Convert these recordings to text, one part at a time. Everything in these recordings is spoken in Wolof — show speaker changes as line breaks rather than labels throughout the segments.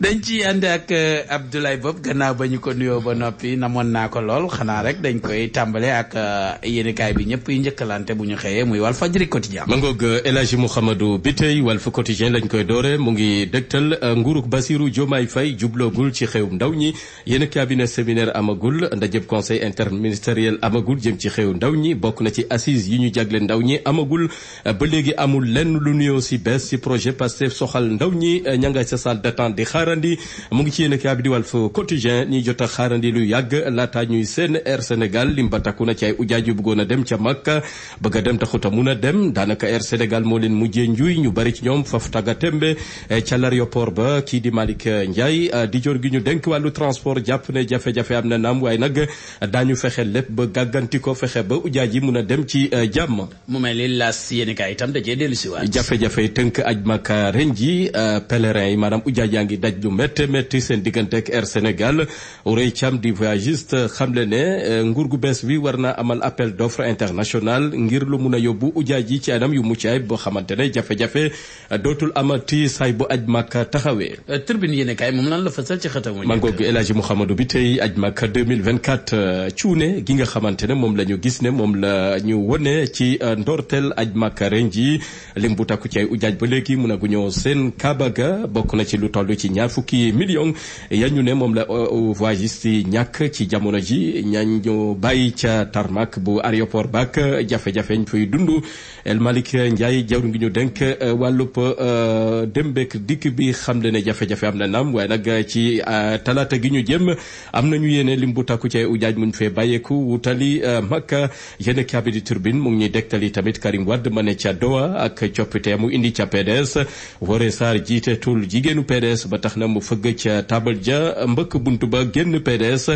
dañ ci ànd ak euh, Abdoulaye Bob gannaaw ba ñu ko nuyoo ba noppi na moon naa ko lool xanaa rek dañ koy tàmbale ak euh, yéenekaay bi ñëpp yi njëkkalante bu ñu xëyee muy Walf Fadjri quotidien ma ngoog euh, El Hadji Mouhamadou Biteye Walf quotidien lañ koy doore mu ngi dëgtal nguurug Bassirou Diomaye Faye jubloogul ci xewum ndaw ñi yéen cabinet séminaire amagul ndajëb conseil interministériel amagul jëm ci xew ndaw ñi bokk na ci assise yi ñu jagle ndaw ñi amagul ba léegi amul lenn lu nuyoo si bees si projet Pastef soxal ndaw ñi xaarandi mu ngi ci yéen a bi di Walf Quotidien ñi a xaarandi lu yàgg laata ñuy seen Air Sénégal lim ba takku na ci ay ujaaj yu bëggoon a dem ca Makka bëgg dem taxut a dem daanaka Air Sénégal moo leen mujjee njuy ñu bari ci ñoom faf taga tembe e, ca l'aéroport ba kii di Malick Ndiaye e, di jor gi ñu dénk wàllu transport jàpp ne jafe-jafe am na naam waaye nag daañu ba gàgganti ko ba ujaaj yi mun ci e, jàmm mu mel ni las yéen kaay itam dajee dellusiwaat jafe-jafe tënk aj Makka ren ji yi maanaam ujaaj daj xeex ju métte métti seen diggante ak Air Sénégal Ourey Thiam di voyagiste xamle ne euh, nguur gu bees bi war naa amal appel d'offre international ngir lu mun a yóbbu ujaaj yi ci anam yu mucc ayib boo xamante ne jafe-jafe dootul amati saay bu aj màkka taxawee. turbine yéen kay moom lan la fasal ci xatamu. mangog El Hadji Mouhamadou bi tey aj màkka 2024 euh, cuune gi nga xamante ne moom la gis ne moom la ñu wone ci euh, ndorteel aj màkka ren ji lim bu takku ci ujaaj ba léegi mun a guñoo seen kaaba ga bokk na ci lu toll ci ñaar ñaar fukki million ya ñu ne moom la euh, voyagiste yi ñàkk ci jamono ji ñañ ñu bàyyi ca tarmac bu aéroport baak jafe-jafe ñu fay dund El Malick Ndiaye jawru ñu denk euh, wàllub euh, dem beek dikk bi xam de ne jafe-jafe am na naam waaye nag ci talaata gi ñu jëm am nañu yéene lim bu takku ci ay ujaaj muñ fee bàyyeeku wutali Makka yéen kaabi di turbine mu ngi ñuy dektali tamit Karim Wade ma ne ca Doha ak coppite mu indi ca PDS Woré Sarr jiite tul jigéenu PDS ba tax na mu fëgg ca tabal ja mbëkk buntu ba génn PDS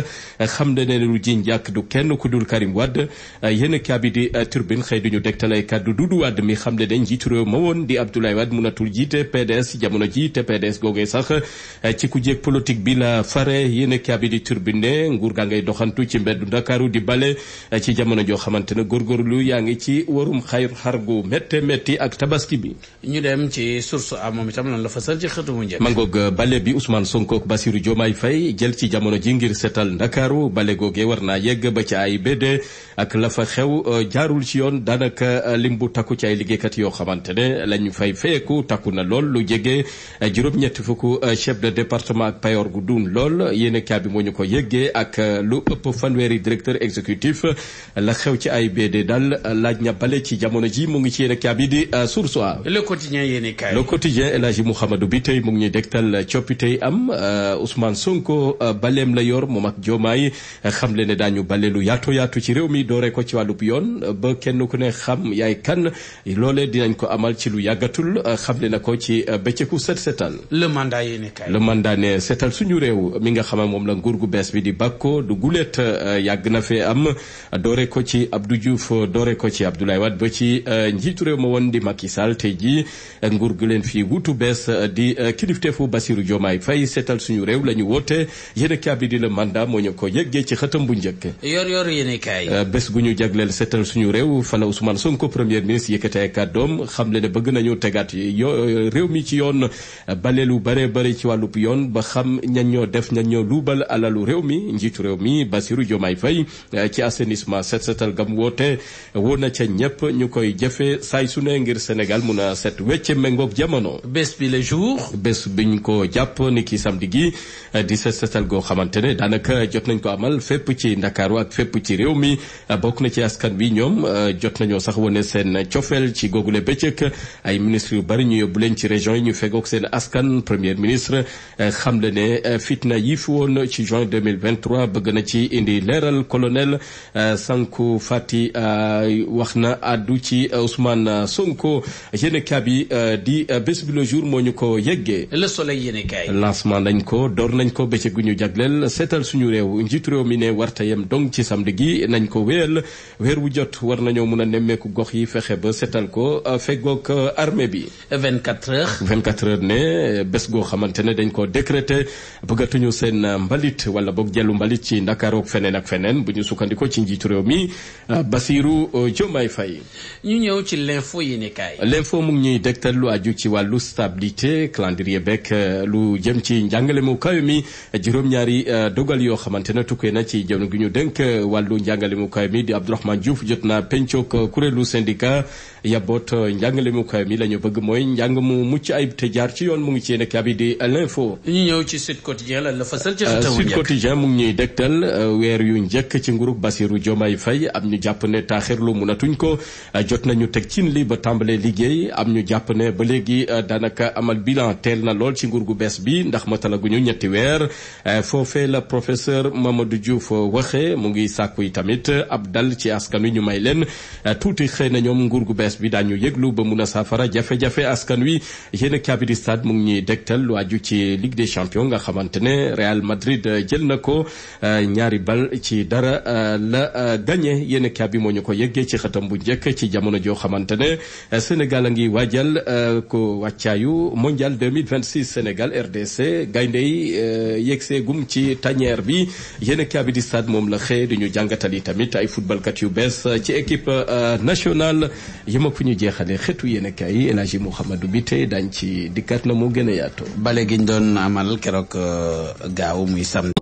xam ne ne lu ji njàkk du kenn ku dul Karim Wade yéen kaabi di turbine xëy duñu degtalay kàddu du Wade mi xam ne dañ jiitu ma woon di Abdoulaye Wade mënatul jiite PDS jamono ji te PDS googee sax ci ku jéeg politique bi la fare yéen kaabi di turbine nguur gaa ngay doxantu ci mbeddu Ndakaaru di bale ci jamono joo xamante ne góorgóorlu yaa ngi ci warum xayr xar gu métte métti ak tabaski bi ñu dem ci source a moom itam lan la fasal ci xëtu mu njëkk bale bi Ousmane Sonko ak Bassirou Diomaye Faye jël ci jamono ji ngir setal ndakaaru bale googe war naa yegg ba ci AIBD ak la fa xew euh, jaarul ci yoon daanaka euh, lim bu takku ci ay liggéey liggéeykat yoo xamante ne lañu fay feyeku takku na lool lu jege euh, juróom-ñetti fukk chef de département ak payor gu duun lool yéen kaa moo ñu ko yëggee ak lu ëpp fanweeri directeur exécutif la xew ci AIBD daal laaj na bale ci jamono ji mu ngi ci yéen kaa di Source A. Le Quotidien yéen kaa coppite yi am euh, Ousmane Sonko euh, baleem la yor moom ak Diomaye euh, xam le ne daañu bale lu yaatu yaatu ci réew mi doore ko ci wàllub yoon ba kenn ku ne xam yaay kan loolee dinañ ko amal ci lu yàggatul xam le na ko ci bëccëgu set setal le mandat yéene kay le ne setal suñu réew mi nga xam moom la nguur gu bees bi di bàkko du guleet yàgg na fee am doore ko ci abdu Diouf doore ko ci Abdoulaye wat ba ci njiitu réew ma woon di Macky Sall tey jii nguur gu leen fii wutu bees di kilifteefu Bassirou Diomaye Faye seetal suñu réew la ñu woote yéen a bi di la mandat moo ñu ko yëggee ci xëtam bu njëkk. yor yor yéen kaay. Euh, bés gu ñu jagleel seetal suñu réew fala Ousmane Sonko premier ministre yëkkatee kàddoom xamle ne bëgg réew mi ci yoon baleelu bare bare ci wàllub yoon ba xam ñan ñoo def ñan ñoo luubal alalu réew mi njiitu réew mi Bassirou Diomaye fay euh, ci assainissement set setal gam woote woo na ca ñëpp ñu koy jëfe saay su ne ngir Sénégal mun a set wecce méngoog jamono. bés bi le jour. bés biñ ko jàpp ni ki samedi gi eh, di set setal goo xamante ne daanaka jot nañ ko amal fépp ci ndakaaru ak fépp ci réew mi eh, bokk na ci askan bi ñoom eh, jot nañoo sax wane seen cofeel ci googule bëccëg ay ministre yu bari ñu yóbbu leen ci région yi ñu fegook seen askan premier ministre xam le ne fitna yi fi woon ci juin 2023 bëgg na ci indi leeral colonel Sanku Fati wax na addu ci Ousmane Sonko yéen kaab yi di bés bi le jour moo ñu ko yeggee yéenekaay lancement nañ ko door nañ ko bëccëg gu ñu jagleel seetal suñu réew njiitu réew mi ne warta yem dong ci samedi gi nañ ko wéyal weer wu jot war nañoo mën a nemmeeku gox yi fexe ba seetal ko euh, feggoog euh, armée bi. 24 heures 24 heures ne bés goo xamante ne dañ ko décrété bëggatuñu seen euh, mbalit wala boog jellu mbalit ci ndakaaroog feneen ak feneen bu ñu sukkandikoo ci njiitu réew mi Basirou Diomaye Faye. ñu ñëw ci l'info yéenekaay. l'info mu ñuy dégtal lu aju ci wàllu stabilité calendrier lu jëm ci njàngale mu kawe mi juróom-ñaari euh, dogal yoo xamante ne tukkee na ci jamono gi ñu dénk euh, wàllu njàngale mu kawe mi di Abdourahmane Diouf jot na pencook euh, kuréelu syndicat yaboot euh, njàngale mu kaw mi la ñu bëgg mooy njàng mu mucc ay te jaar ci yoon mu ngi ci yéen ak bi di l'info. ñu ñëw ci Sud Quotidien lan la fasal ci xëtamu euh, Sud Quotidien mu ngi ñuy dégtal euh, weer yu njëkk ci nguurug Bassirou Diomaye Faye am ñu jàpp ne taaxirlu munatuñ ko jot nañu teg cin lii ba tàmbalee liggéey am ñu jàpp ne ba léegi daanaka amal bilan teel na lool ci nguur gu bees bi ndax matalaguñu ñetti weer foofee la professeur Mamadou Diouf waxe mu ngi sàkku yi tamit ab dal ci askan wi ñu may leen tuuti xëy na ñoom gu bees presse bi daañu yéglu ba mun a saafara jafe-jafe askan wi yéen a kaabidi stade mu ngi ñuy dégtal lu aju ci Ligue des champions nga xamante ne Real Madrid euh, jël na ko euh, ñaari bal ci dara euh, la gagné yéen a kaabi moo ñu ko yëggee ci xatam bu njëkk ci jamono joo xamante ne Sénégal a ngi waajal ko wàccaayu mondial 2026 Sénégal RDC gaynde yi yegsee gum ci tanière bi yéen a kaabidi stade moom la xëy di ñu jàngatal yi tamit ay footballkat yu bees ci équipe nationale moog fi ñu jeexale xeetu yéenekaay yi El Hadji Mouhamadou bi tey daañ ci dikkaat na mu gën a yaatoo bale gi ñu doon amal keroog euh, gaaw muy samedi